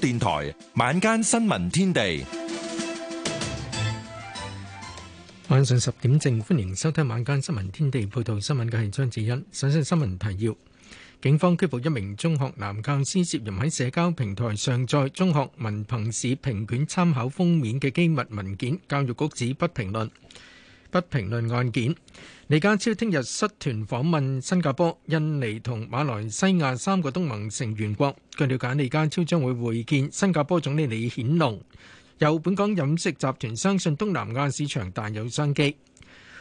電台晚間新聞天地，晚上十點正，歡迎收聽晚間新聞天地。報道新聞嘅係張智恩，首先新聞提要：警方拘捕一名中學男教師，涉嫌喺社交平台上載中學文憑試評卷參考封面嘅機密文件。教育局指不評論。不評論案件。李家超聽日率團訪問新加坡、印尼同馬來西亞三個東盟成員國。據瞭解，李家超將會會見新加坡總理李顯龍。有本港飲食集團相信東南亞市場大有商機。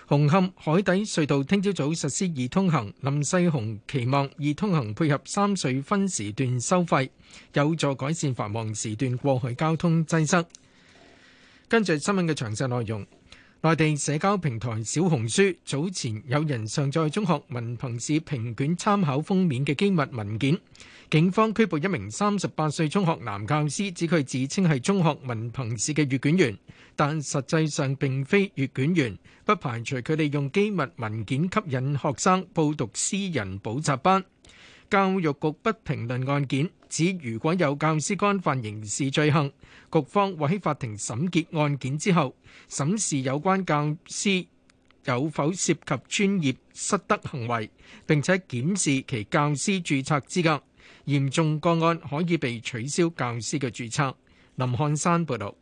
紅磡海底隧道聽朝早實施易通行，林世雄期望易通行配合三隧分時段收費，有助改善繁忙時段過去交通擠塞。跟住新聞嘅詳細內容。內地社交平台小紅書早前有人上載中學文憑試評卷參考封面嘅機密文件，警方拘捕一名三十八歲中學男教師，指佢自稱係中學文憑試嘅閱卷員，但實際上並非閱卷員，不排除佢哋用機密文件吸引學生報讀私人補習班。教育局不評論案件，指如果有教師幹犯刑事罪行，局方會喺法庭審結案件之後，審視有關教師有否涉及專業失德行為，並且檢視其教師註冊資格。嚴重個案可以被取消教師嘅註冊。林漢山報道。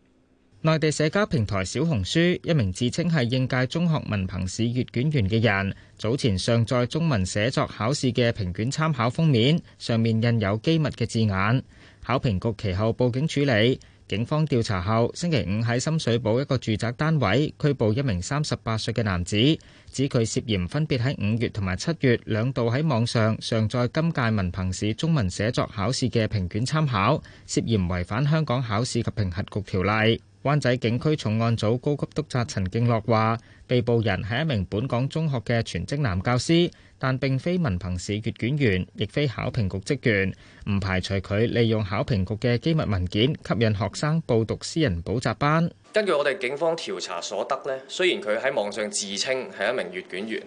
內地社交平台小紅書一名自稱係應屆中學文憑試閱卷員嘅人，早前上載中文寫作考試嘅評卷參考封面，上面印有機密嘅字眼。考評局其後報警處理，警方調查後，星期五喺深水埗一個住宅單位拘捕一名三十八歲嘅男子，指佢涉嫌分別喺五月同埋七月兩度喺網上上載今屆文憑試中文寫作考試嘅評卷參考，涉嫌違反香港考試及評核局條例。灣仔警區重案組高級督察陳敬樂話：被捕人係一名本港中學嘅全職男教師，但並非文憑試閱卷員，亦非考評局職員，唔排除佢利用考評局嘅機密文件吸引學生報讀私人補習班。根據我哋警方調查所得咧，雖然佢喺網上自稱係一名閱卷員，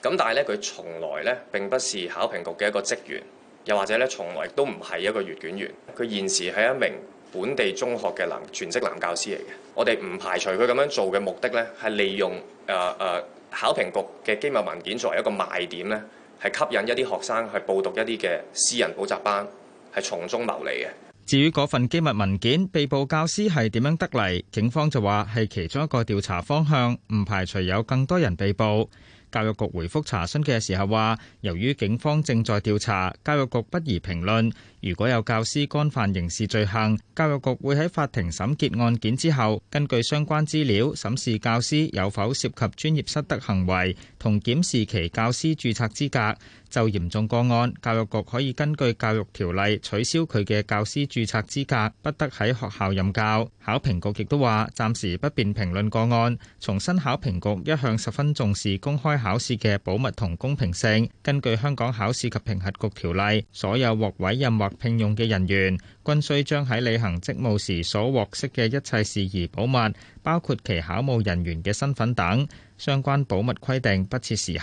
咁但係咧佢從來咧並不是考評局嘅一個職員，又或者咧從來都唔係一個閱卷員。佢現時係一名本地中學嘅男全職男教師嚟嘅，我哋唔排除佢咁樣做嘅目的咧，係利用誒誒、呃啊、考評局嘅機密文件作為一個賣點咧，係吸引一啲學生去報讀一啲嘅私人補習班，係從中牟利嘅。至於嗰份機密文件，被捕教師係點樣得嚟？警方就話，係其中一個調查方向，唔排除有更多人被捕。教育局回覆查詢嘅時候話，由於警方正在調查，教育局不宜評論。如果有教師干犯刑事罪行，教育局會喺法庭審結案件之後，根據相關資料審視教師有否涉及專業失德行為，同檢視其教師註冊資格。就嚴重個案，教育局可以根據教育條例取消佢嘅教師註冊資格，不得喺學校任教。考評局亦都話，暫時不便評論個案。重新考評局一向十分重視公開。考試嘅保密同公平性，根據香港考試及評核局條例，所有獲委任或聘用嘅人員，均須將喺履行職務時所獲悉嘅一切事宜保密，包括其考務人員嘅身份等。相關保密規定不設時限。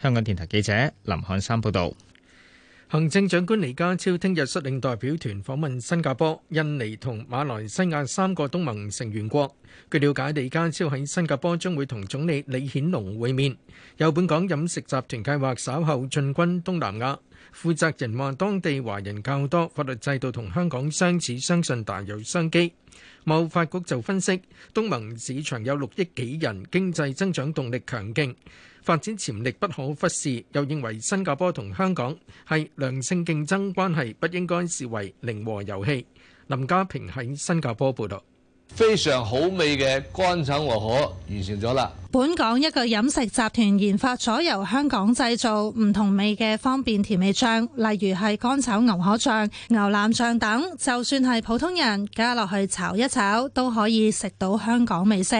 香港電台記者林漢山報道。行政長官李家超聽日率領代表團訪問新加坡、印尼同馬來西亞三個東盟成員國。據瞭解，李家超喺新加坡將會同總理李顯龍會面。有本港飲食集團計劃稍後進軍東南亞，負責人話當地華人較多，法律制度同香港相似，相信大有商機。貿發局就分析，東盟市場有六億幾人，經濟增長動力強勁。發展潛力不可忽視，又認為新加坡同香港係良性競爭關係，不應該視為零和遊戲。林家平喺新加坡報道。非常好味嘅乾炒牛河完成咗啦！本港一個飲食集團研發咗由香港製造唔同味嘅方便甜味醬，例如係乾炒牛河醬、牛腩醬等。就算係普通人加落去炒一炒，都可以食到香港美食。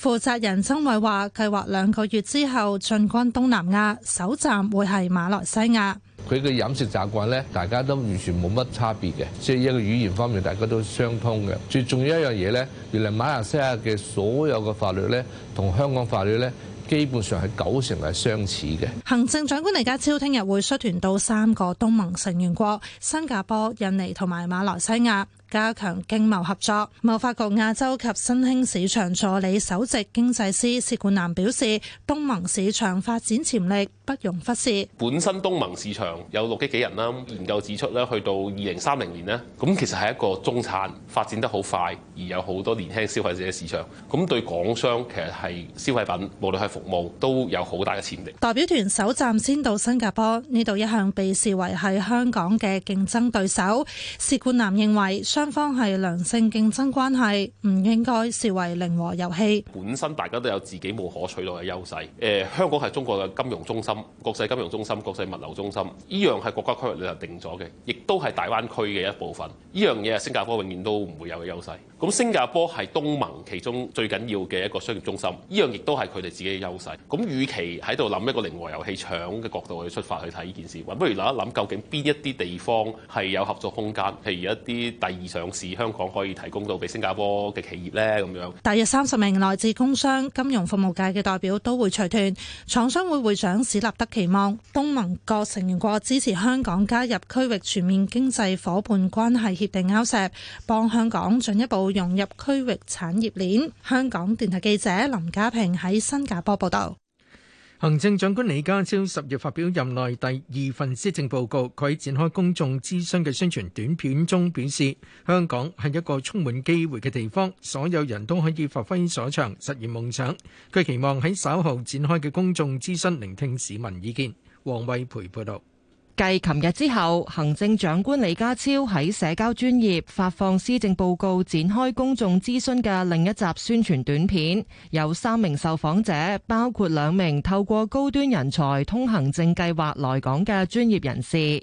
負責人曾偉話，計劃兩個月之後進軍東南亞，首站會係馬來西亞。佢嘅飲食習慣咧，大家都完全冇乜差別嘅，即係一個語言方面大家都相通嘅。最重要一樣嘢咧，原來馬來西亞嘅所有嘅法律咧，同香港法律咧，基本上係九成係相似嘅。行政長官李家超聽日會率團到三個東盟成員國：新加坡、印尼同埋馬來西亞。加強經貿合作，貿發局亞洲及新興市場助理首席經濟師薛冠南表示，東盟市場發展潛力不容忽視。本身東盟市場有六億幾人啦，研究指出呢，去到二零三零年呢，咁其實係一個中產發展得好快，而有好多年輕消費者嘅市場，咁對港商其實係消費品，無論係服務都有好大嘅潛力。代表團首站先到新加坡，呢度一向被視為係香港嘅競爭對手。薛冠南認為。雙方係良性競爭關係，唔應該視為零和遊戲。本身大家都有自己冇可取代嘅優勢。誒，香港係中國嘅金融中心、國際金融中心、國際物流中心，呢樣係國家區域裏頭定咗嘅，亦都係大灣區嘅一部分。呢樣嘢係新加坡永遠都唔會有嘅優勢。咁新加坡係東盟其中最緊要嘅一個商業中心，呢樣亦都係佢哋自己嘅優勢。咁，與其喺度諗一個零和遊戲搶嘅角度去出發去睇呢件事，不如諗一諗究竟邊一啲地方係有合作空間，譬如一啲第二上市香港可以提供到俾新加坡嘅企業咧，咁樣大約三十名來自工商、金融服務界嘅代表都會隨團。廠商會會長史立德期望東盟各成員國支持香港加入區域全面經濟伙伴關係協定敲石，幫香港進一步。融入區域產業鏈。香港電台記者林家平喺新加坡報道。行政長官李家超十月發表任內第二份施政報告，佢喺展開公眾諮詢嘅宣傳短片中表示，香港係一個充滿機會嘅地方，所有人都可以發揮所長，實現夢想。佢期望喺稍後展開嘅公眾諮詢，聆聽市民意見。黃惠培報道。繼琴日之後，行政長官李家超喺社交專業發放施政報告，展開公眾諮詢嘅另一集宣傳短片，有三名受訪者，包括兩名透過高端人才通行證計劃來港嘅專業人士。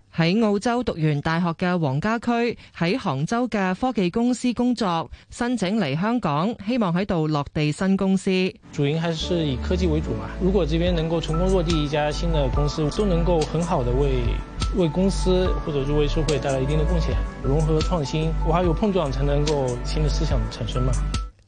喺澳洲讀完大學嘅黃家駒喺杭州嘅科技公司工作，申請嚟香港，希望喺度落地新公司。主營還是以科技為主嘛？如果這邊能夠成功落地一家新嘅公司，都能夠很好的為為公司或者係為社會帶來一定的貢獻。融合創新，我還有碰撞，才能夠新的思想產生嘛？.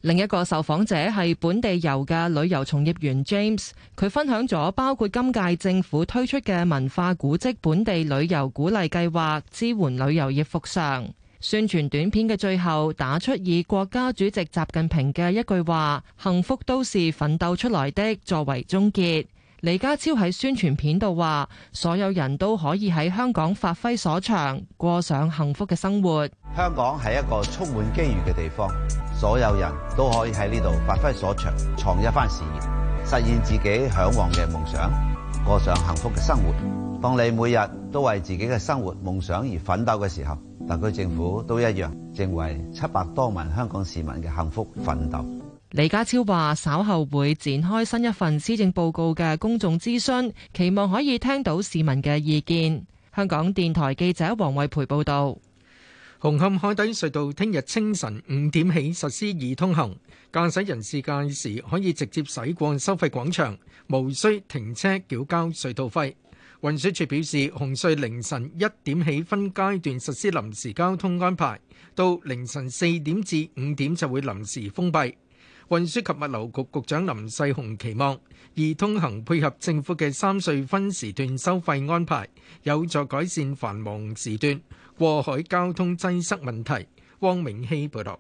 另一個受訪者係本地遊嘅旅遊從業員 James，佢分享咗包括今屆政府推出嘅文化古蹟本地旅遊鼓勵計劃，支援旅遊業復常。宣傳短片嘅最後打出以國家主席習近平嘅一句話：幸福都是奮鬥出來的，作為終結。李家超喺宣傳片度話，所有人都可以喺香港發揮所長，過上幸福嘅生活。香港係一個充滿機遇嘅地方，所有人都可以喺呢度發揮所長，創一番事業，實現自己向往嘅夢想，過上幸福嘅生活。當你每日都為自己嘅生活夢想而奮鬥嘅時候，特區政府都一樣，正為七百多萬香港市民嘅幸福奮鬥。李家超話：稍後會展開新一份施政報告嘅公眾諮詢，期望可以聽到市民嘅意見。香港電台記者黃惠培報導。紅磡海底隧道聽日清晨五點起實施易通行，駕駛人士屆時可以直接駛過收費廣場，無需停車繳交隧道費。運輸署表示，紅隧凌晨一點起分階段實施臨時交通安排，到凌晨四點至五點就會臨時封閉。運輸及物流局局長林世雄期望，易通行配合政府嘅三隧分時段收費安排，有助改善繁忙時段過海交通擠塞問題。汪明希報道。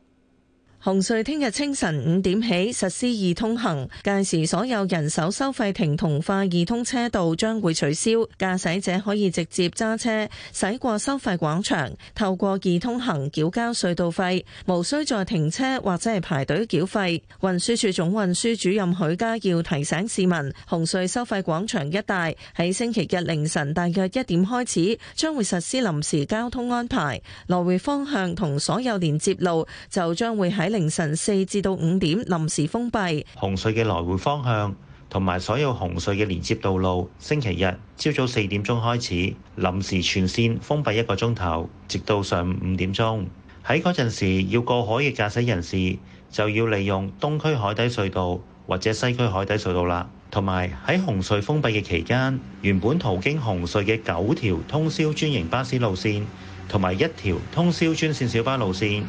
紅隧聽日清晨五點起實施易通行，屆時所有人手收費亭同化易通車道將會取消，駕駛者可以直接揸車駛過收費廣場，透過易通行繳交隧道費，無需再停車或者係排隊繳費。運輸署總運輸主任許家耀提醒市民，紅隧收費廣場一帶喺星期日凌晨大約一點開始將會實施臨時交通安排，來回方向同所有連接路就將會喺。凌晨四至到五點臨時封閉紅隧嘅來回方向同埋所有紅隧嘅連接道路。星期日朝早四點鐘開始臨時全線封閉一個鐘頭，直到上午五點鐘。喺嗰陣時要過海嘅駕駛人士就要利用東區海底隧道或者西區海底隧道啦。同埋喺紅隧封閉嘅期間，原本途經紅隧嘅九條通宵專營巴士路線同埋一條通宵專線小巴路線。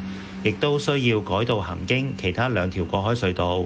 亦都需要改道行經其他兩條過海隧道。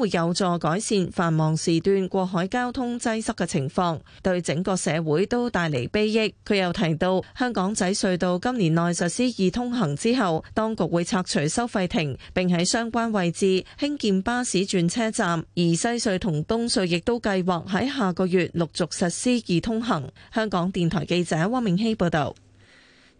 會有助改善繁忙時段過海交通擠塞嘅情況，對整個社會都帶嚟裨益。佢又提到，香港仔隧道今年內實施易通行之後，當局會拆除收費亭，並喺相關位置興建巴士轉車站。而西隧同東隧亦都計劃喺下個月陸續實施易通行。香港電台記者汪明希報道。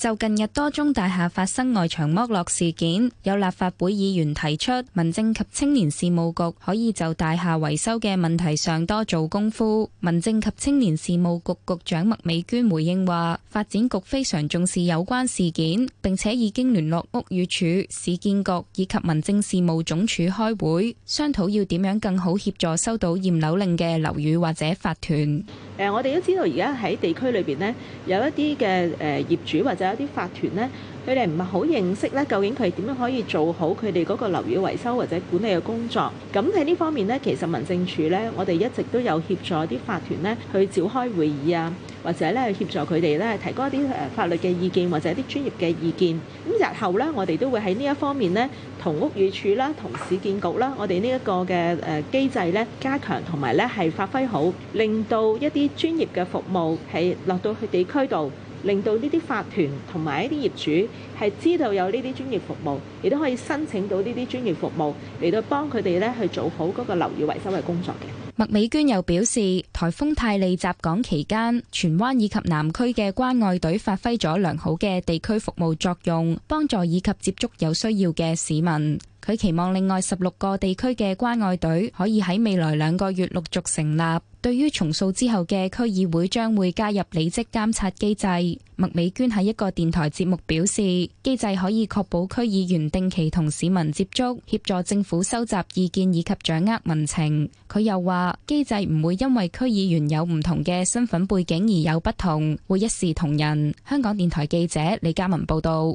就近日多宗大廈發生外牆剝落事件，有立法會議員提出，民政及青年事務局可以就大廈維修嘅問題上多做功夫。民政及青年事務局局，局長麥美娟回應話，發展局非常重視有關事件，並且已經聯絡屋宇署、市建局以及民政事務總署開會，商討要點樣更好協助收到驗樓令嘅樓宇或者法團。誒，我哋都知道而家喺地區裏邊咧，有一啲嘅誒業主或者一啲法團咧。佢哋唔係好認識咧，究竟佢點樣可以做好佢哋嗰個樓宇維修或者管理嘅工作？咁喺呢方面呢，其實民政處呢，我哋一直都有協助啲法團呢去召開會議啊，或者咧協助佢哋咧提供一啲誒法律嘅意見或者一啲專業嘅意見。咁日後呢，我哋都會喺呢一方面呢，同屋宇署啦，同市建局啦，我哋呢一個嘅誒機制咧加強呢，同埋咧係發揮好，令到一啲專業嘅服務係落到去地區度。令到呢啲法團同埋一啲業主係知道有呢啲專業服務，亦都可以申請到呢啲專業服務嚟到幫佢哋咧去做好嗰個樓宇維修嘅工作嘅。麥美娟又表示，颱風泰利襲港期間，荃灣以及南區嘅關愛隊發揮咗良好嘅地區服務作用，幫助以及接觸有需要嘅市民。佢期望另外十六個地區嘅關愛隊可以喺未來兩個月陸續成立。對於重塑之後嘅區議會將會加入履職監察機制，麥美娟喺一個電台節目表示，機制可以確保區議員定期同市民接觸，協助政府收集意見以及掌握民情。佢又話，機制唔會因為區議員有唔同嘅身份背景而有不同，會一視同仁。香港電台記者李嘉文報道。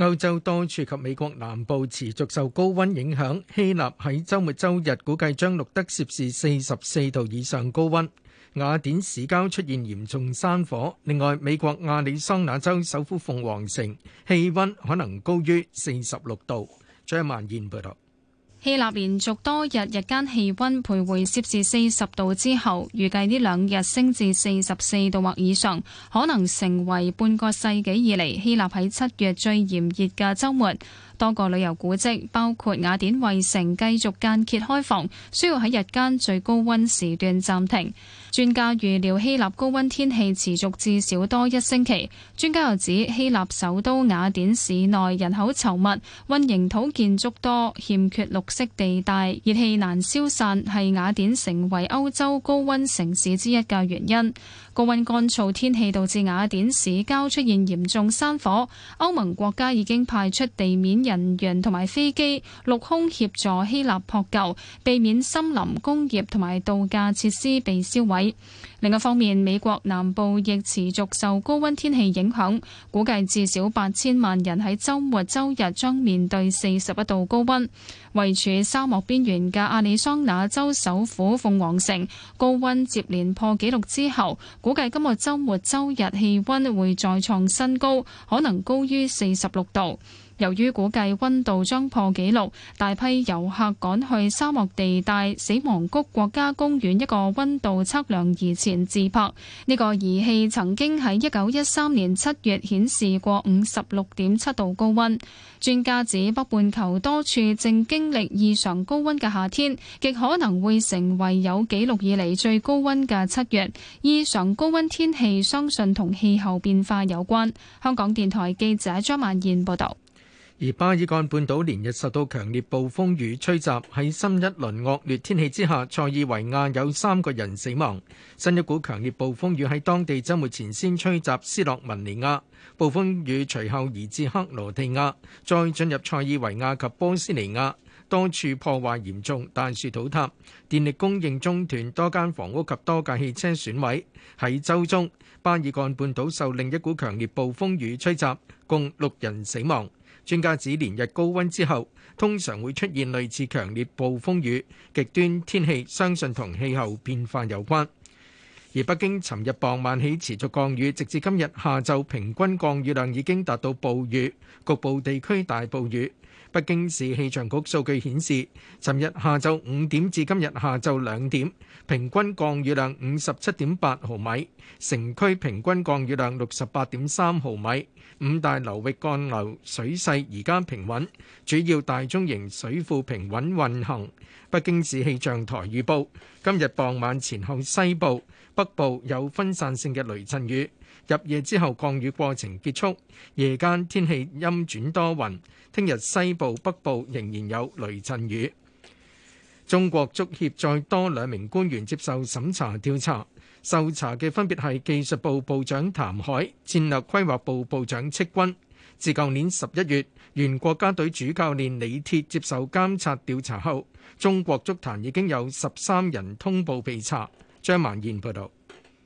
歐洲多處及美國南部持續受高溫影響，希臘喺周末周日估計將錄得攝氏四十四度以上高溫，雅典市郊出現嚴重山火。另外，美國亞利桑那州首府鳳凰城氣溫可能高於四十六度。張萬燕報道。希臘連續多日日間氣溫徘徊攝氏四十度之後，預計呢兩日升至四十四度或以上，可能成為半個世紀以嚟希臘喺七月最炎熱嘅週末。多個旅遊古蹟，包括雅典衛城，繼續間歇開放，需要喺日間最高温時段暫停。專家預料希臘高温天氣持續至少多一星期。專家又指，希臘首都雅典市內人口稠密，混凝土建築多，欠缺綠色地帶，熱氣難消散，係雅典成為歐洲高温城市之一嘅原因。高温乾燥天氣導致雅典市郊出現嚴重山火，歐盟國家已經派出地面人員同埋飛機陸空協助希臘撲救，避免森林、工業同埋度假設施被燒毀。另一方面，美國南部亦持續受高温天氣影響，估計至少八千萬人喺週末、週日將面對四十一度高温。位處沙漠邊緣嘅亞利桑那州首府鳳凰城，高温接連破紀錄之後，估計今個周末周日氣温會再創新高，可能高於四十六度。由於估計溫度將破紀錄，大批遊客趕去沙漠地帶死亡谷國家公園一個溫度測量儀前自拍。呢、這個儀器曾經喺一九一三年七月顯示過五十六點七度高温。專家指北半球多處正經歷異常高温嘅夏天，極可能會成為有記錄以嚟最高温嘅七月。異常高温天氣相信同氣候變化有關。香港電台記者張曼燕報道。而巴爾幹半島連日受到強烈暴風雨吹襲，喺新一輪惡劣天氣之下，塞爾維亞有三個人死亡。新一股強烈暴風雨喺當地週末前先吹襲斯洛文尼亞，暴風雨隨後移至克羅地亞，再進入塞爾維亞及波斯尼亞，多處破壞嚴重，大樹倒塌，電力供應中斷，多間房屋及多架汽車損毀。喺週中，巴爾幹半島受另一股強烈暴風雨吹襲，共六人死亡。專家指連日高溫之後，通常會出現類似強烈暴風雨、極端天氣，相信同氣候變化有關。而北京尋日傍晚起持續降雨，直至今日下晝，平均降雨量已經達到暴雨，局部地區大暴雨。北京市氣象局數據顯示，尋日下晝五點至今日下晝兩點，平均降雨量五十七點八毫米，城區平均降雨量六十八點三毫米。五大流域乾流水勢而家平穩，主要大中型水庫平穩運行。北京市氣象台預報，今日傍晚前後，西部、北部有分散性嘅雷陣雨。入夜之後降雨過程結束，夜間天氣陰轉多雲。聽日西部、北部仍然有雷陣雨。中國足協再多兩名官員接受審查調查，受查嘅分別係技術部部長譚海、戰略規劃部部長戚軍。自舊年十一月，原國家隊主教練李鐵接受監察調查後，中國足壇已經有十三人通報被查。張萬燕報導。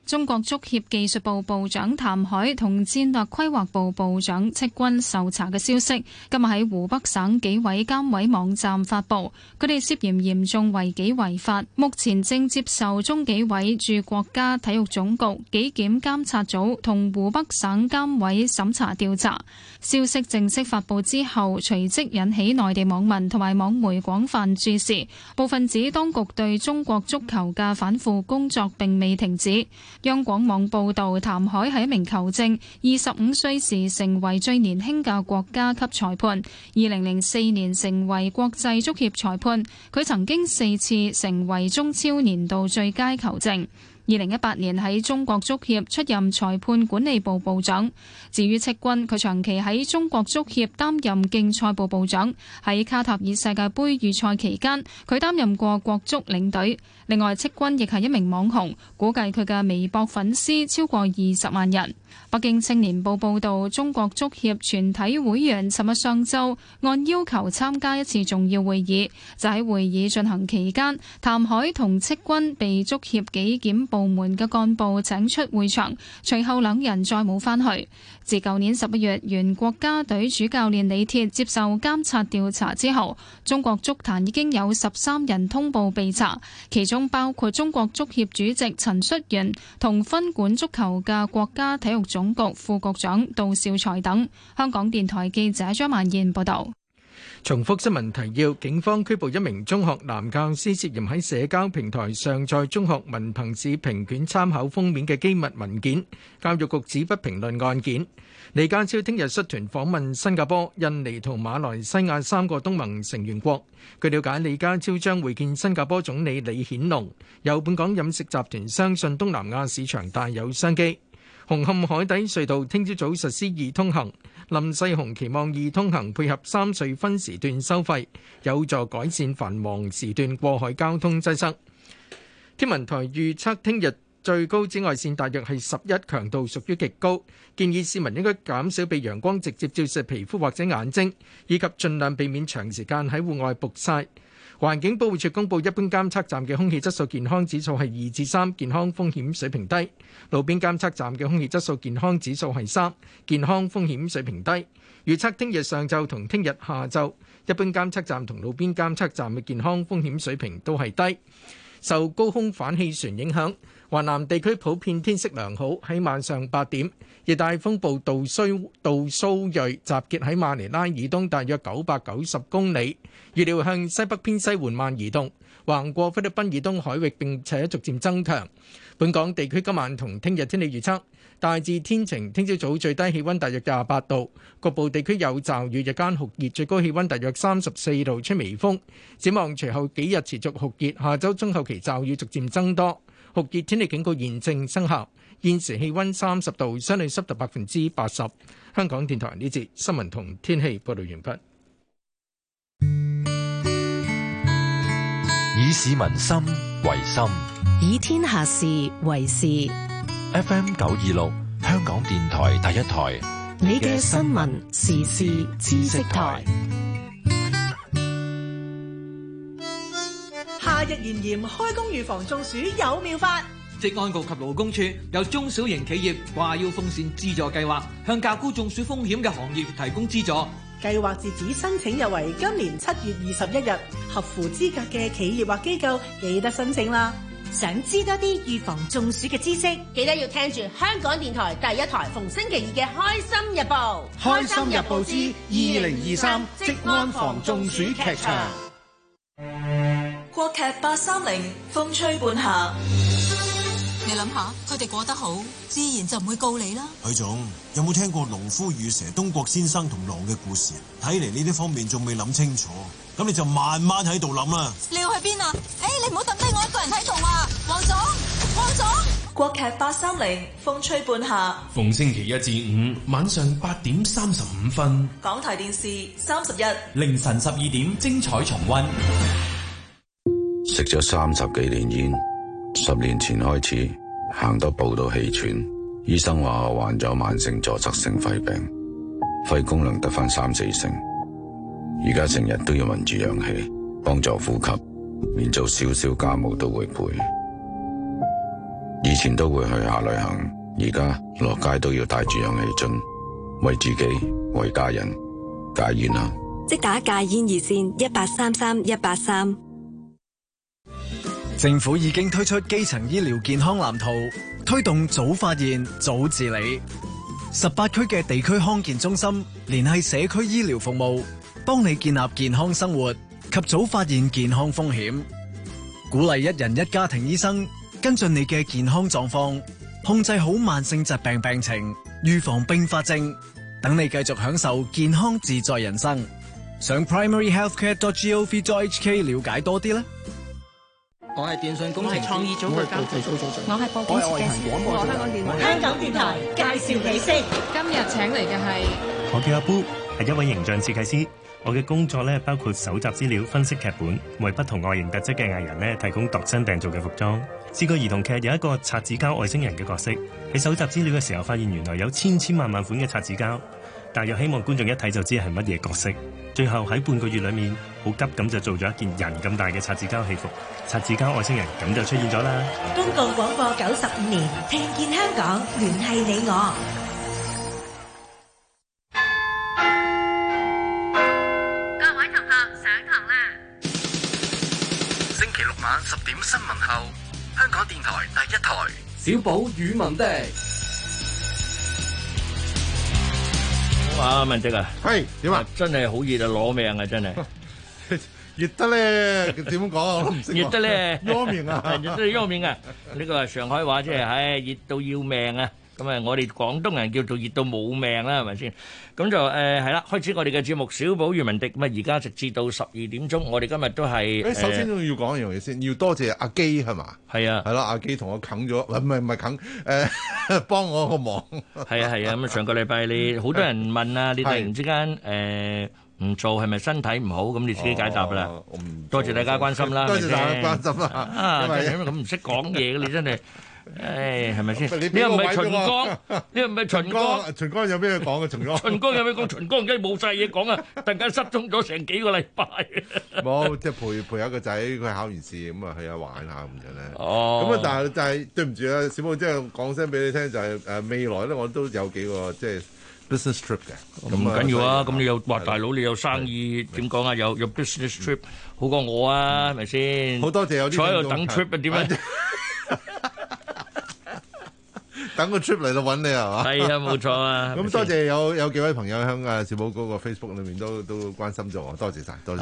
中國足協技術部部長譚海同戰略規劃部部長戚軍受查嘅消息，今日喺湖北省紀委監委網站發布。佢哋涉嫌嚴重違紀違法，目前正接受中紀委駐國家體育總局紀檢監察組同湖北省監委審查調查。消息正式發佈之後，隨即引起內地網民同埋網媒廣泛注視，部分指當局對中國足球嘅反腐工作並未停止。央廣網報道，譚海係一名球證，二十五歲時成為最年輕嘅國家級裁判，二零零四年成為國際足協裁判。佢曾經四次成為中超年度最佳球證。二零一八年喺中國足協出任裁判管理部部長。至於戚軍，佢長期喺中國足協擔任競賽部部長。喺卡塔爾世界杯預賽期間，佢擔任過國足領隊。另外，戚軍亦係一名網紅，估計佢嘅微博粉絲超過二十萬人。北京青年報報道，中國足協全體會員尋日上晝按要求參加一次重要會議，就喺會議進行期間，譚海同戚軍被足協紀檢部門嘅幹部請出會場，隨後兩人再冇翻去。自舊年十一月原國家隊主教練李鐵接受監察調查之後，中國足壇已經有十三人通報被查，其中包括中國足協主席陳戌源同分管足球嘅國家體育總局副局長杜兆才等，香港電台記者張萬燕報道。重複新聞提要：警方拘捕一名中學男教師，涉嫌喺社交平台上載中學文憑試評卷參考封面嘅機密文件。教育局指不評論案件。李家超聽日率團訪問新加坡、印尼同馬來西亞三個東盟成員國。據了解，李家超將會見新加坡總理李顯龍。有本港飲食集團相信東南亞市場大有商機。紅磡海底隧道聽朝早實施二通行，林世雄期望二通行配合三隧分時段收費，有助改善繁忙時段過海交通擠塞。天文台預測聽日最高紫外線大約係十一強度，屬於極高，建議市民應該減少被陽光直接照射皮膚或者眼睛，以及盡量避免長時間喺戶外曝晒。環境保護署公布，一般監測站嘅空氣質素健康指數係二至三，健康風險水平低；路邊監測站嘅空氣質素健康指數係三，健康風險水平低。預測聽日上晝同聽日下晝，一般監測站同路邊監測站嘅健康風險水平都係低。受高空反氣旋影響，華南地區普遍天色良好。喺晚上八點，熱帶風暴杜蘇杜蘇芮集結喺馬尼拉以東大約九百九十公里，預料向西北偏西緩慢移動，橫過菲律賓以東海域並且逐漸增強。本港地區今晚同聽日天氣預測。大致天晴，聽朝早最低氣温大約廿八度，局部地區有驟雨，日間酷熱，最高氣温大約三十四度，吹微風。展望隨後幾日持續酷熱，下周中後期驟雨逐漸增多，酷熱天氣警告現正生效。現時氣温三十度，相對濕度百分之八十。香港電台呢節新聞同天氣報道完畢。以市民心為心，以天下事為事。F M 九二六，26，香港電台第一台，你嘅新聞時事知識台。夏日炎炎，開工預防中暑有妙法。職 安局及勞工處有中小型企業掛腰風扇資助計劃，向較高中暑風險嘅行業提供資助。計劃截止申請日為今年七月二十一日，合乎資格嘅企業或機構，記得申請啦。想知多啲預防中暑嘅知識，記得要聽住香港電台第一台逢星期二嘅《開心日報》。開心日報之二零二三即安防中暑劇場，國劇八三零，風吹半夏。你諗下，佢哋過得好，自然就唔會告你啦。許總，有冇聽過農夫與蛇、東郭先生同狼嘅故事？睇嚟，呢啲方面仲未諗清楚，咁你就慢慢喺度諗啦。你要去邊啊？誒、欸，你唔好抌低我一個人喺度啊！黃總，黃總。國劇八三零，風吹半夏，逢星期一至五晚上八點三十五分，港台電視三十一，凌晨十二點，精彩重溫。食咗三十幾年煙。十年前開始行得步到氣喘，醫生話我患咗慢性阻塞性肺病，肺功能得返三四成。而家成日都要聞住氧氣幫助呼吸，連做少少家務都會背。以前都會去下旅行，而家落街都要帶住氧氣樽，為自己、為家人戒煙啦、啊。即打戒煙熱線一八三三一八三。政府已經推出基層醫療健康藍圖，推動早發現、早治理。十八區嘅地區康健中心聯繫社區醫療服務，幫你建立健康生活及早發現健康風險。鼓勵一人一家庭醫生跟進你嘅健康狀況，控制好慢性疾病病情，預防併發症，等你繼續享受健康自在人生。上 primaryhealthcare.gov.hk 了解多啲啦。我係電訊工，係創意組嘅教，我係報紙嘅事。我香港電，香港電，電台介紹你識。今日請嚟嘅係我叫阿布，係一位形象設計師。我嘅工作咧包括搜集資料、分析劇本，為不同外形特質嘅藝人咧提供度身訂造嘅服裝。試過兒童劇有一個擦紙膠外星人嘅角色，喺搜集資料嘅時候發現原來有千千萬萬款嘅擦紙膠，但又希望觀眾一睇就知係乜嘢角色。最後喺半個月裏面，好急咁就做咗一件人咁大嘅擦字膠戲服，擦字膠外星人咁就出現咗啦。公共廣播九十五年，聽見香港，聯繫你我。各位同學，上堂啦！星期六晚十點新聞後，香港電台第一台小寶語文的。問啊，文迪啊，係點啊？真係好熱啊，攞命啊，真係熱 得咧了，點講我都唔識。熱 得咧了，冤命啊，真係冤命啊！呢個係上海話，就是，即係唉，熱到要命啊！咁誒，我哋廣東人叫做熱到冇命啦，係咪先？咁就誒係啦，開始我哋嘅節目，小寶與文迪。咁啊，而家直至到十二點鐘，我哋今日都係誒。首先都要講一樣嘢先，要多謝阿基，係嘛？係啊，係啦，阿基同我啃咗，唔係唔係啃誒，幫我個忙。係啊，係啊，咁上個禮拜你好多人問啊，你突然之間誒唔做係咪身體唔好？咁你自己解答啦。多謝大家關心啦。多謝大家關心啦。啊，因為咁唔識講嘢嘅你真係。誒，係咪先？你又唔係秦剛？你又唔係秦剛？秦剛有咩講嘅？秦剛？秦剛有咩講？秦剛梗係冇晒嘢講啊！突然間失蹤咗成幾個禮拜。冇，即係陪陪下個仔，佢考完試，咁啊去下玩下咁樣。哦。咁啊，但係就係對唔住啊，小寶，即係講聲俾你聽，就係誒未來咧，我都有幾個即係 business trip 嘅。唔緊要啊，咁你有話，大佬你有生意，點講啊？有有 business trip 好過我啊？係咪先？好多謝有。坐喺度等 trip 點啊？等個 trip 嚟到揾你係嘛？係、哎、啊，冇錯啊！咁多謝有有幾位朋友響啊小寶嗰個 Facebook 裏面都都關心咗我，多謝晒，多謝。